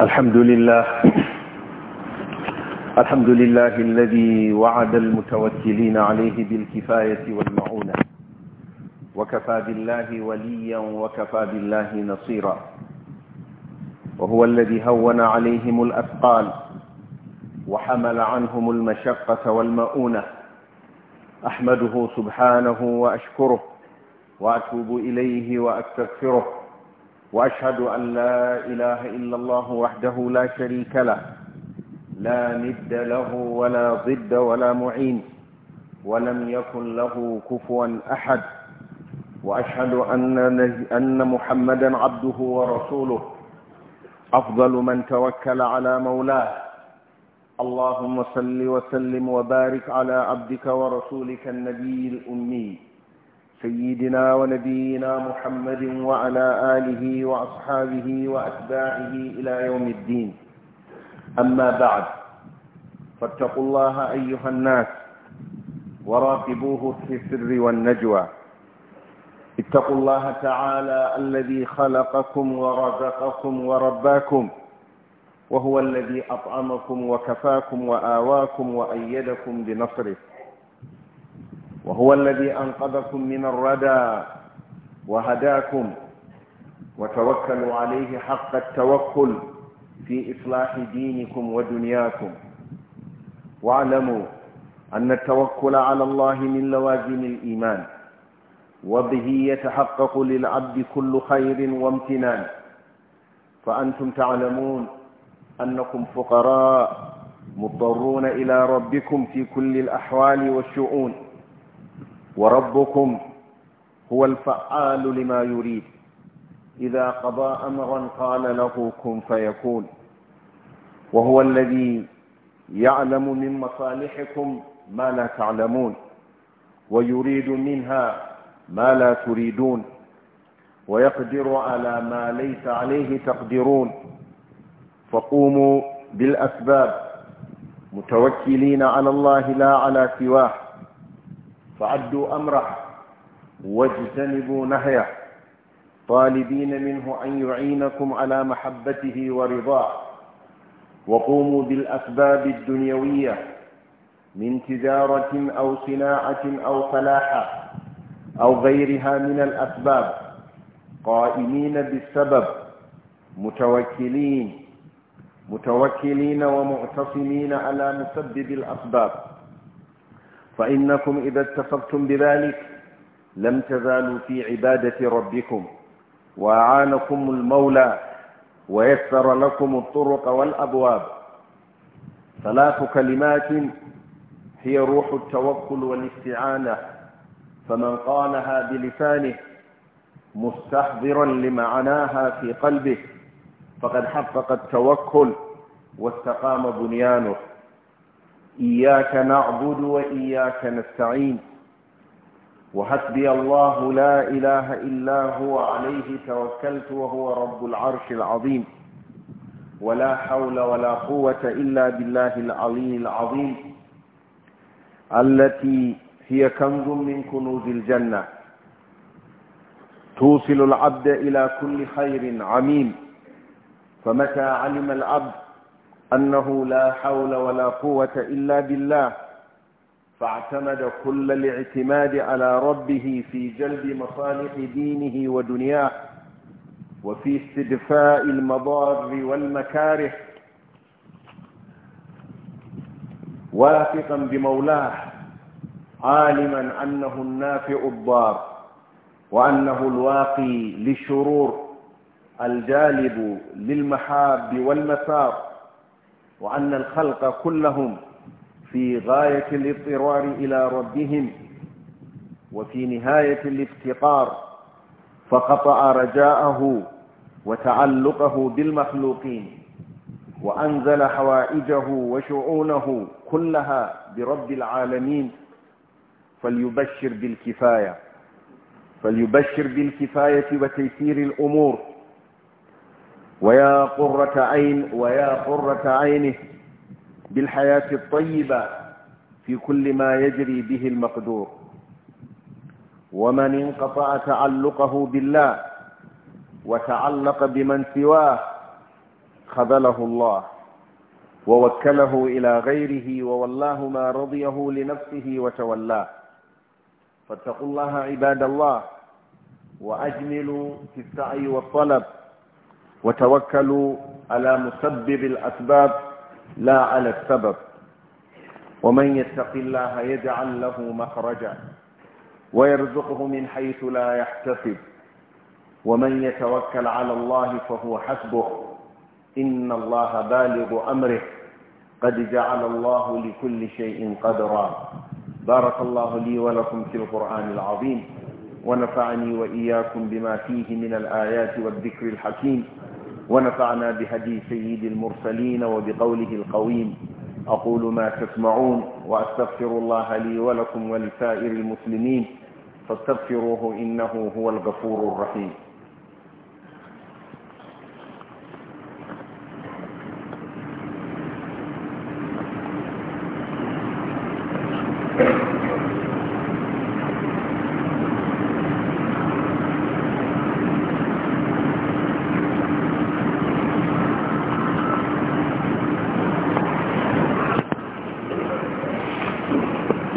الحمد لله الحمد لله الذي وعد المتوكلين عليه بالكفاية والمعونة وكفى بالله وليا وكفى بالله نصيرا وهو الذي هون عليهم الأثقال وحمل عنهم المشقة والمؤونة أحمده سبحانه وأشكره وأتوب إليه وأستغفره وأشهد أن لا إله إلا الله وحده لا شريك له لا ند له ولا ضد ولا معين ولم يكن له كفوا أحد وأشهد أن, أن محمدا عبده ورسوله أفضل من توكل على مولاه اللهم صل وسلم وبارك على عبدك ورسولك النبي الأمي سيدنا ونبينا محمد وعلى آله وأصحابه وأتباعه إلى يوم الدين أما بعد فاتقوا الله أيها الناس وراقبوه في السر والنجوى اتقوا الله تعالى الذي خلقكم ورزقكم ورباكم وهو الذي أطعمكم وكفاكم وآواكم وأيدكم بنصره وهو الذي أنقذكم من الردى وهداكم وتوكلوا عليه حق التوكل في إصلاح دينكم ودنياكم واعلموا أن التوكل على الله من لوازم الإيمان وبه يتحقق للعبد كل خير وامتنان فأنتم تعلمون أنكم فقراء مضطرون إلى ربكم في كل الأحوال والشؤون وربكم هو الفعال لما يريد إذا قضى أمرا قال له كن فيكون وهو الذي يعلم من مصالحكم ما لا تعلمون ويريد منها ما لا تريدون ويقدر على ما ليس عليه تقدرون فقوموا بالأسباب متوكلين على الله لا على سواه فعدوا أمره واجتنبوا نهيه طالبين منه أن يعينكم على محبته ورضاه وقوموا بالأسباب الدنيوية من تجارة أو صناعة أو فلاحة أو غيرها من الأسباب قائمين بالسبب متوكلين متوكلين ومعتصمين على مسبب الأسباب فإنكم إذا اتصفتم بذلك لم تزالوا في عبادة ربكم وأعانكم المولى ويسر لكم الطرق والأبواب ثلاث كلمات هي روح التوكل والاستعانة فمن قالها بلسانه مستحضرا لمعناها في قلبه فقد حقق التوكل واستقام بنيانه إياك نعبد وإياك نستعين وحسبي الله لا إله إلا هو عليه توكلت وهو رب العرش العظيم ولا حول ولا قوة إلا بالله العلي العظيم التي هي كنز من كنوز الجنة توصل العبد إلى كل خير عميم فمتى علم العبد أنه لا حول ولا قوة إلا بالله فاعتمد كل الاعتماد على ربه في جلب مصالح دينه ودنياه وفي استدفاء المضار والمكاره واثقا بمولاه عالما أنه النافع الضار وأنه الواقي للشرور الجالب للمحاب والمسار وأن الخلق كلهم في غاية الاضطرار إلى ربهم وفي نهاية الافتقار فقطع رجاءه وتعلقه بالمخلوقين وأنزل حوائجه وشؤونه كلها برب العالمين فليبشر بالكفاية فليبشر بالكفاية وتيسير الأمور ويا قرة عين ويا قرة عينه بالحياة الطيبة في كل ما يجري به المقدور ومن انقطع تعلقه بالله وتعلق بمن سواه خذله الله ووكله إلى غيره وولاه ما رضيه لنفسه وتولاه فاتقوا الله عباد الله وأجملوا في السعي والطلب وتوكلوا على مسبب الأسباب لا على السبب ومن يتق الله يجعل له مخرجا ويرزقه من حيث لا يحتسب ومن يتوكل على الله فهو حسبه إن الله بالغ أمره قد جعل الله لكل شيء قدرا بارك الله لي ولكم في القرآن العظيم ونفعني وإياكم بما فيه من الآيات والذكر الحكيم ونفعنا بهدي سيد المرسلين وبقوله القويم أقول ما تسمعون وأستغفر الله لي ولكم ولسائر المسلمين فاستغفروه إنه هو الغفور الرحيم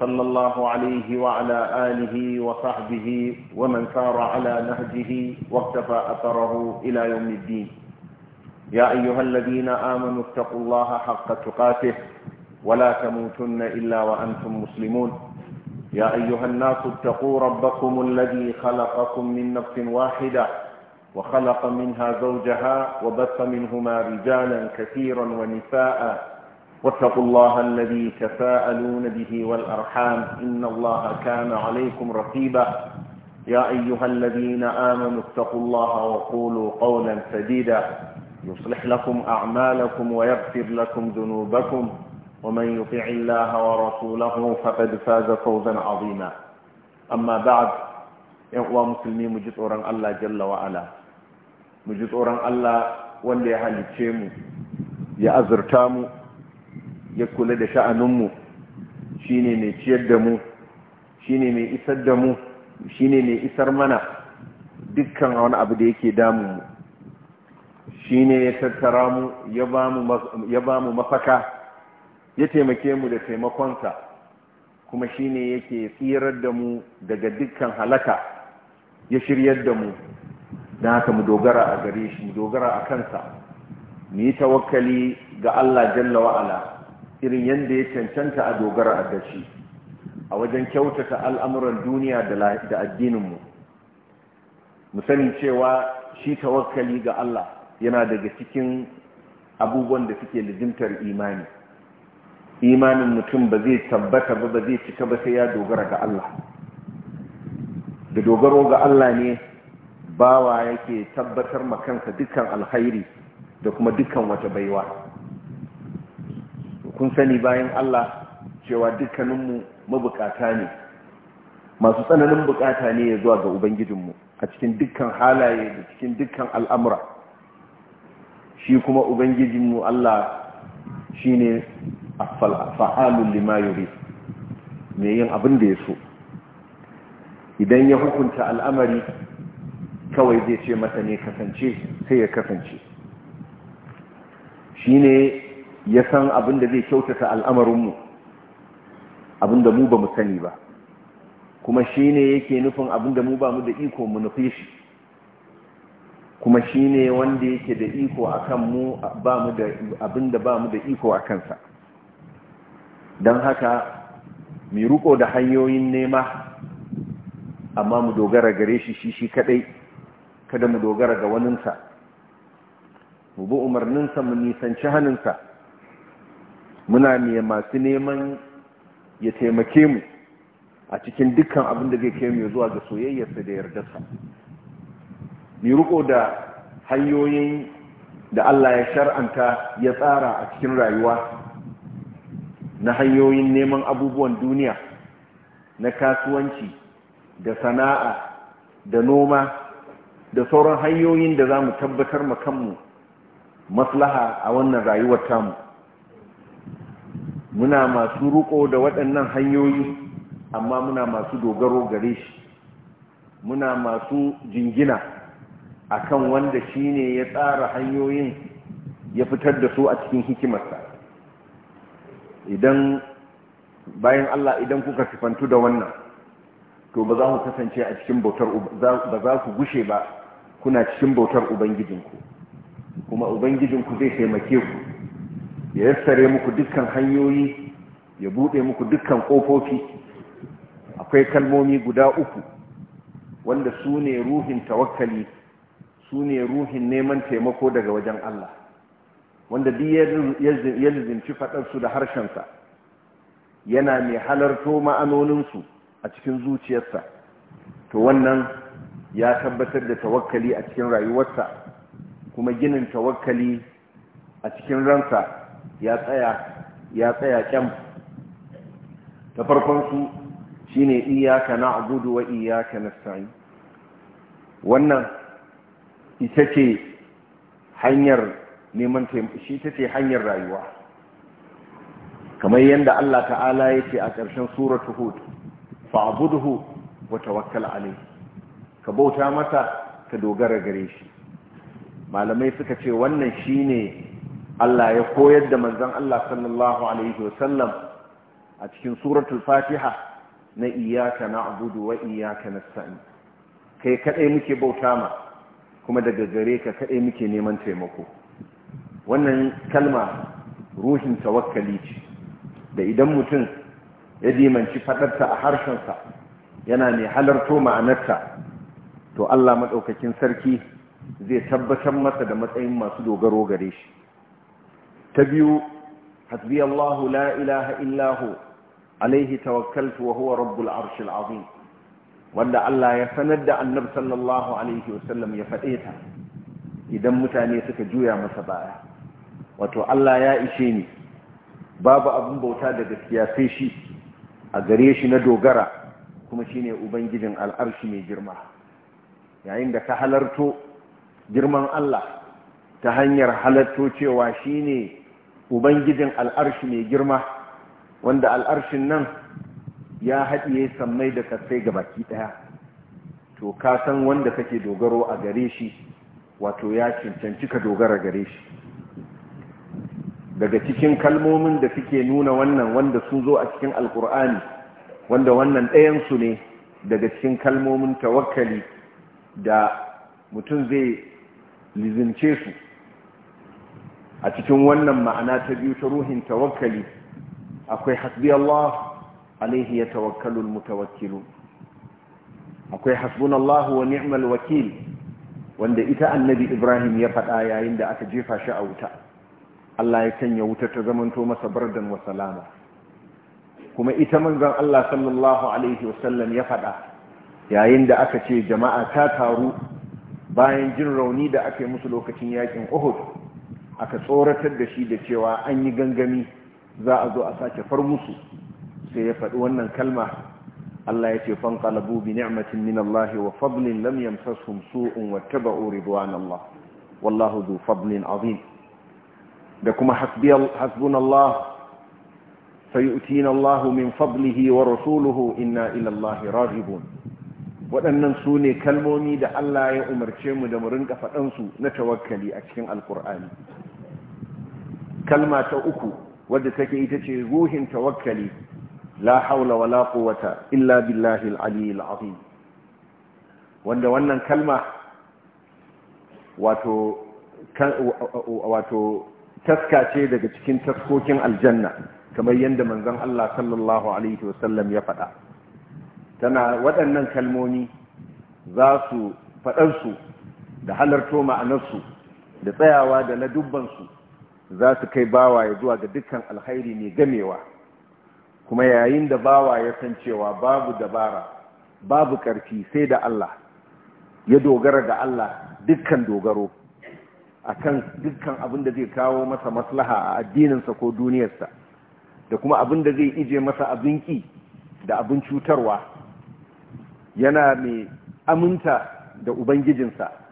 صلى الله عليه وعلى آله وصحبه ومن سار على نهجه واقتفى أثره إلى يوم الدين يا أيها الذين آمنوا اتقوا الله حق تقاته ولا تموتن إلا وأنتم مسلمون يا أيها الناس اتقوا ربكم الذي خلقكم من نفس واحدة وخلق منها زوجها وبث منهما رجالا كثيرا ونساء واتقوا الله الذي تساءلون به والأرحام إن الله كان عليكم رقيبا يا أيها الذين آمنوا اتقوا الله وقولوا قولا سديدا يصلح لكم أعمالكم ويغفر لكم ذنوبكم ومن يطع الله ورسوله فقد فاز فوزا عظيما أما بعد إخوة مسلمين مجد أوران الله جل وعلا مجد أوران الله وليها لتشيمو يا أزرتامو ya kula da sha'aninmu shi ne mai ciyar da mu shi ne mai isar da mu shi ne mai isar mana dukkan wani abu da yake damunmu shi ne ya tattara mu ya ba mu mafaka ya taimake mu da taimakonsa kuma shi ne yake tsirar da mu daga dukkan halaka ya shiryar da mu don haka mu dogara a gare shi dogara a kansa mu yi tawakkali ga Allah jalla wa'ala irin yadda ya cancanta a dogara a gashi a wajen kyautata al'amuran duniya da addininmu mu sani cewa shi tawakkali ga Allah yana daga cikin abubuwan da suke lijimtar imani imanin mutum ba zai tabbata ba ba zai cika ba sai ya dogara ga Allah da dogaro ga Allah ne bawa yake tabbatar makansa dukkan alkhairi da kuma dukkan wata baiwa kun sani bayan Allah cewa dukkaninmu mabukata ne masu tsananin bukata ne ya zuwa ga ubangijinmu a cikin dukkan halaye da cikin dukkan al'amura shi kuma ubangijinmu Allah shi ne fa'alun lima mai yin abin da ya so idan ya hukunta al'amari kawai zai ce mata ne kasance sai ya kasance shi ne ya san abin da zai kyautata al'amarinmu abin da mu ba mu sani ba kuma shi ne yake nufin abin da mu ba mu da iko mu nufi shi kuma shi ne wanda yake da iko a kan mu abin da ba mu da iko a kansa don haka mai ruko da hanyoyin nema amma mu dogara gare shi shi shi kadai kada mu dogara ga waninsa mu bi umarninsa mu nisanci hannunsa muna ne masu neman ya taimake mu a cikin dukkan abin da zai kai mu zuwa ga soyayyarsa da yardarsa ni riko da hanyoyin da Allah ya shar'anta ya tsara a cikin rayuwa na hanyoyin neman abubuwan duniya na kasuwanci da sana'a da noma da sauran hanyoyin da za mu tabbatar kanmu maslaha a wannan rayuwar tamu muna masu ruko da waɗannan hanyoyi amma muna masu dogaro gare shi muna masu jingina akan wanda shi ne ya tsara hanyoyin ya fitar da su a cikin hikimarsa idan bayan Allah idan kuka sifantu da wannan to ba za ku kasance a cikin bautar ba za ku gushe ba kuna cikin bautar ubangijinku kuma ubangijinku zai taimake ku ya yassare muku dukkan hanyoyi ya buɗe muku dukkan kofofi akwai kalmomi guda uku wanda su ne ruhin tawakkali su ne ruhin neman taimako daga wajen Allah wanda duk ya lizinci faɗarsu da harshensa yana mai halarto ma'anoninsu a cikin zuciyarsa to wannan ya tabbatar da tawakkali a cikin rayuwarsa kuma ginin tawakkali a cikin ransa ya tsaya ya tsaya kyan ta farkon su shine iyaka na Abudu wa iyaka na sa'i wannan ita ce hanyar neman shi ta ce hanyar rayuwa kamar yadda Allah ta'ala ya ce a ƙarshen suratu hud hu wa tawakkal alayhi ka bauta masa ka dogara gare shi malamai suka ce wannan shi ne. Allah ya koyar da manzan Allah sallallahu alaihi wasallam a cikin suratul fatiha na iyaka na abudu wa iyaka na nasta'in kai kadai muke bauta ma kuma daga gare ka kadai muke neman taimako wannan kalma ruhin tawakkali ce da idan mutum ya dimanci faɗarta a harshensa yana mai halarto ma'anarta to Allah maɗaukakin sarki zai tabbatar masa da matsayin masu dogaro gare shi ta biyu hasbi la ilaha illahu alaihi tawakkaltu wa huwa rabbul arshil azim wanda Allah ya sanar da annabi sallallahu alaihi wasallam ya faɗe ta idan mutane suka juya masa baya wato Allah ya ishe ni babu abin bauta da gaskiya sai shi a gare shi na dogara kuma shine ubangijin al'arshi mai girma yayin da ka halarto girman Allah ta hanyar halarto cewa shine ubangijin al'arshi mai girma wanda al'arshin nan ya haɗiye sammai da kasai ga baki ɗaya to ka san wanda kake dogaro a gare shi wato ya cancanci ka dogara gare shi daga cikin kalmomin da suke nuna wannan wanda sun zo a cikin alkur'ani wanda wannan ɗayansu ne daga cikin kalmomin tawakkali da mutum zai lizince su a cikin wannan ma'ana ta biyu ta ruhin tawakkali akwai hasbi Allah alaihi ya tawakkalu mutawakkilu akwai hasbunallahu wa ni'mal wakil wanda ita annabi Ibrahim ya faɗa yayin da aka jefa shi a wuta Allah ya sanya wuta ta zamanto masa bardan wa salama kuma ita manzon Allah sallallahu alaihi wasallam ya faɗa yayin da aka ce jama'a ta taru bayan jin rauni da aka yi musu lokacin yakin Uhud aka tsoratar da shi da cewa an yi gangami za a zo a sake far musu sai ya faɗi wannan kalma Allah ya ce fanqalabu bi ni'matin min Allah wa fadlin lam yamsashum su'un wattaba'u ridwanallah wallahu dhu fadlin azim da kuma hasbunallah sayu'tina Allah min fadlihi wa rasuluhu inna ila Allah raghibun waɗannan su ne kalmomi da Allah ya umarce mu da mu rinka faɗansu na tawakkali a cikin alkur'ani kalma ta uku wadda take ita ce ruhin tawakkali la haula wala quwwata illa billahi al-aliyyil azim wanda wannan kalma wato wato taska ce daga cikin taskokin aljanna kamar yadda manzon Allah sallallahu alaihi wasallam ya faɗa tana waɗannan kalmomi za su faɗarsu da halarto ma'anarsu da tsayawa da na dubbansu za su kai bawa ya zuwa ga dukkan alkhairi ne gamewa kuma yayin da bawa ya san cewa babu dabara babu ƙarfi sai da Allah ya dogara ga Allah dukkan dogaro akan dukkan abin da zai kawo masa maslaha a addininsa ko duniyarsa da kuma abin da zai ije masa abin ki da abin cutarwa yana mai aminta da ubangijinsa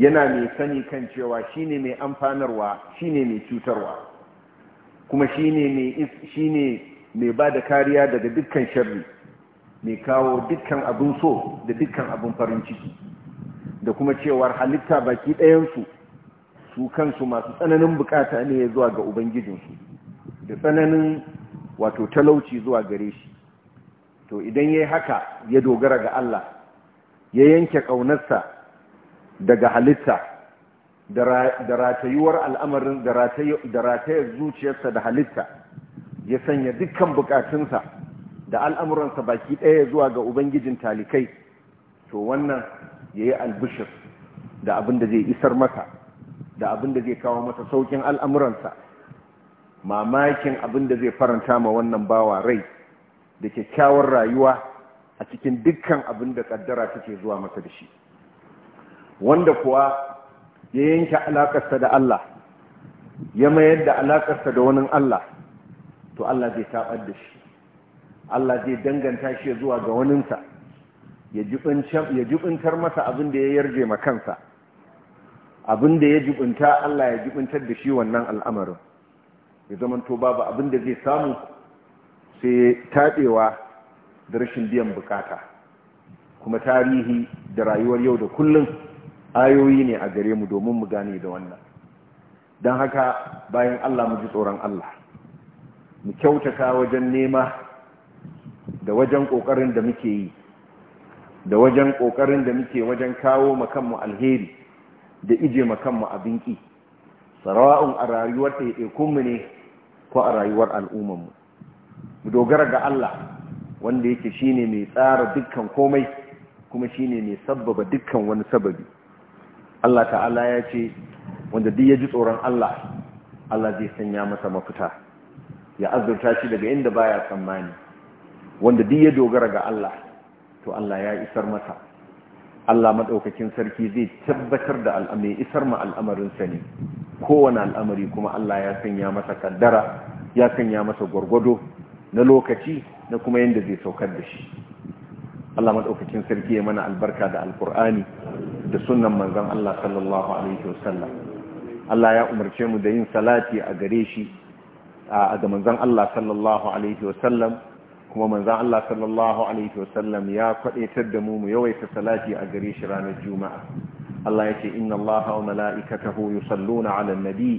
yana mai sani kan cewa shine mai amfanarwa shine mai cutarwa kuma shine mai mai ba da kariya daga dukkan sharri mai kawo dukkan abin so da dukkan abin farin ciki da kuma cewar halitta baki ɗayansu su kansu masu tsananin bukata ne zuwa ga ubangijinsu da tsananin wato talauci zuwa gare shi to idan ya haka ya dogara ga Allah ya yanke ƙaunarsa daga halitta da ratayuwar al'amarin da ratayar zuciyarsa da halitta ya sanya dukkan bukatunsa da al'amuransa baki ɗaya zuwa ga ubangijin talikai to wannan ya yi albishir da abin da zai isar mata da abin da zai kawo mata saukin al'amuransa mamakin abin da zai faranta ma wannan bawa rai da kyakkyawar rayuwa a cikin dukkan abin da kaddara take zuwa masa da shi wanda kuwa ya yanke alakarsa da Allah ya mayar da alakarsa da wani Allah to Allah zai taɓar da shi Allah zai danganta shi zuwa ga waninsa ya jibintar masa abin da ya yarje ma kansa abin da ya jibinta Allah ya jibintar da shi wannan al'amarin ya zamanto babu abin da zai samu sai taɓewa da rashin biyan bukata kuma tarihi da rayuwar yau da kullum ayoyi ne a gare mu domin mu gane da wannan don haka bayan Allah mu ji tsoron Allah mu kyautata wajen nema da wajen ƙoƙarin da muke yi da wajen ƙoƙarin da muke wajen kawo makanmu alheri da ije makanmu abin ƙi sarawa'un a rayuwar ɗaiɗaikunmu ne ko a rayuwar al'ummanmu mu dogara ga Allah wanda yake shine mai tsara dukkan komai kuma shine mai sabbaba dukkan wani sababi Allah ta'ala ya ce wanda duk ya ji tsoron Allah Allah zai sanya masa mafita ya azurta shi daga inda baya tsammani wanda duk ya dogara ga Allah to Allah ya isar masa Allah madaukakin sarki zai tabbatar da al'amari isar ma al'amarin sa ne kowane al'amari kuma Allah ya sanya masa kaddara ya sanya masa gwargwado na lokaci na kuma yanda zai saukar da shi Allah madaukakin sarki ya mana albarka da alkur'ani da sunan manzan Allah sallallahu alaihi wasallam Allah ya umarce mu da yin salati a gare shi a ga manzan Allah sallallahu alaihi wasallam kuma manzan Allah sallallahu alaihi wasallam ya kwadaitar da mu mu yawaita salati a gare shi ranar juma'a Allah ya yake inna Allaha wa mala'ikatahu yusalluna 'alan nabi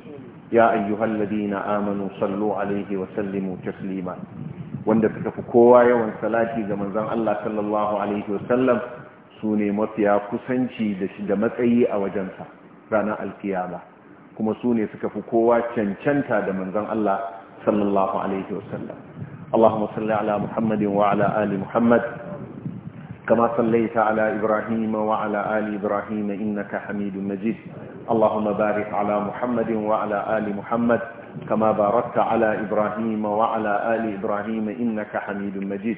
ya ayyuhalladhina amanu sallu 'alaihi wa sallimu taslima wanda suka fi kowa yawan salati ga manzan Allah sallallahu alaihi wasallam su ne mafiya kusanci da matsayi a wajensa ranar alkiyama kuma su ne suka fi kowa cancanta da manzon Allah sallallahu alaihi wasallam Allahumma salli ala Muhammadin wa ala ali Muhammad kama sallaita ala Ibrahim wa ala ali Ibrahim innaka Hamidum Majid Allahumma barik ala Muhammadin wa ala ali Muhammad kama barakta ala Ibrahim wa ala ali Ibrahim innaka Hamidum Majid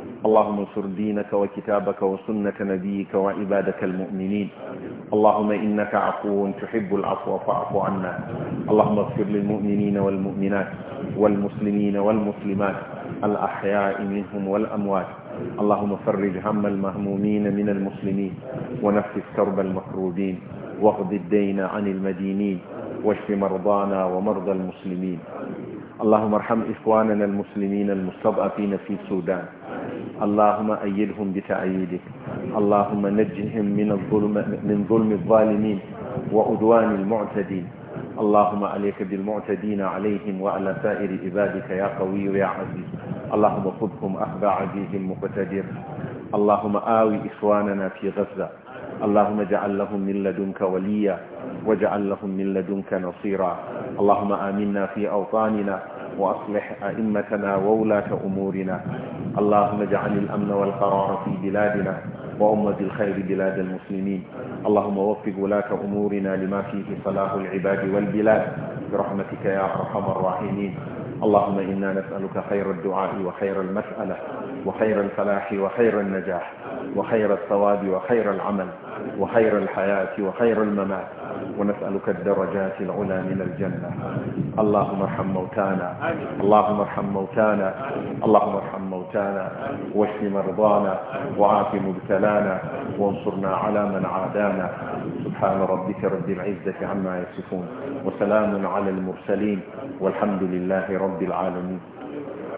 اللهم انصر دينك وكتابك وسنة نبيك وعبادك المؤمنين اللهم إنك عفو تحب العفو فاعف عنا اللهم اغفر للمؤمنين والمؤمنات والمسلمين والمسلمات الأحياء منهم والأموات اللهم فرج هم المهمومين من المسلمين ونفس كرب المكروبين واقض الدين عن المدينين واشف مرضانا ومرضى المسلمين اللهم ارحم إخواننا المسلمين المستضعفين في السودان اللهم أيدهم بتأييدك اللهم نجهم من, الظلم من ظلم الظالمين وعدوان المعتدين اللهم عليك بالمعتدين عليهم وعلى سائر عبادك يا قوي يا عزيز اللهم خذهم أخذ عزيزهم مقتدر اللهم آوي إخواننا في غزة اللهم اجعل لهم من لدنك وليا واجعل لهم من لدنك نصيرا اللهم آمنا في أوطاننا وأصلح أئمتنا وولاة أمورنا اللهم اجعل الأمن والقرار في بلادنا وأمة الخير بلاد المسلمين اللهم وفق ولاة أمورنا لما فيه صلاح العباد والبلاد برحمتك يا أرحم الراحمين اللهم إنا نسألك خير الدعاء وخير المسألة وخير الفلاح وخير النجاح وخير الثواب وخير العمل وخير الحياة وخير الممات ونسألك الدرجات العلى من الجنة اللهم ارحم موتانا اللهم ارحم موتانا اللهم ارحم موتانا واشف مرضانا وعاف مبتلانا وانصرنا على من عادانا سبحان ربك رب العزة عما يصفون وسلام على المرسلين والحمد لله رب العالمين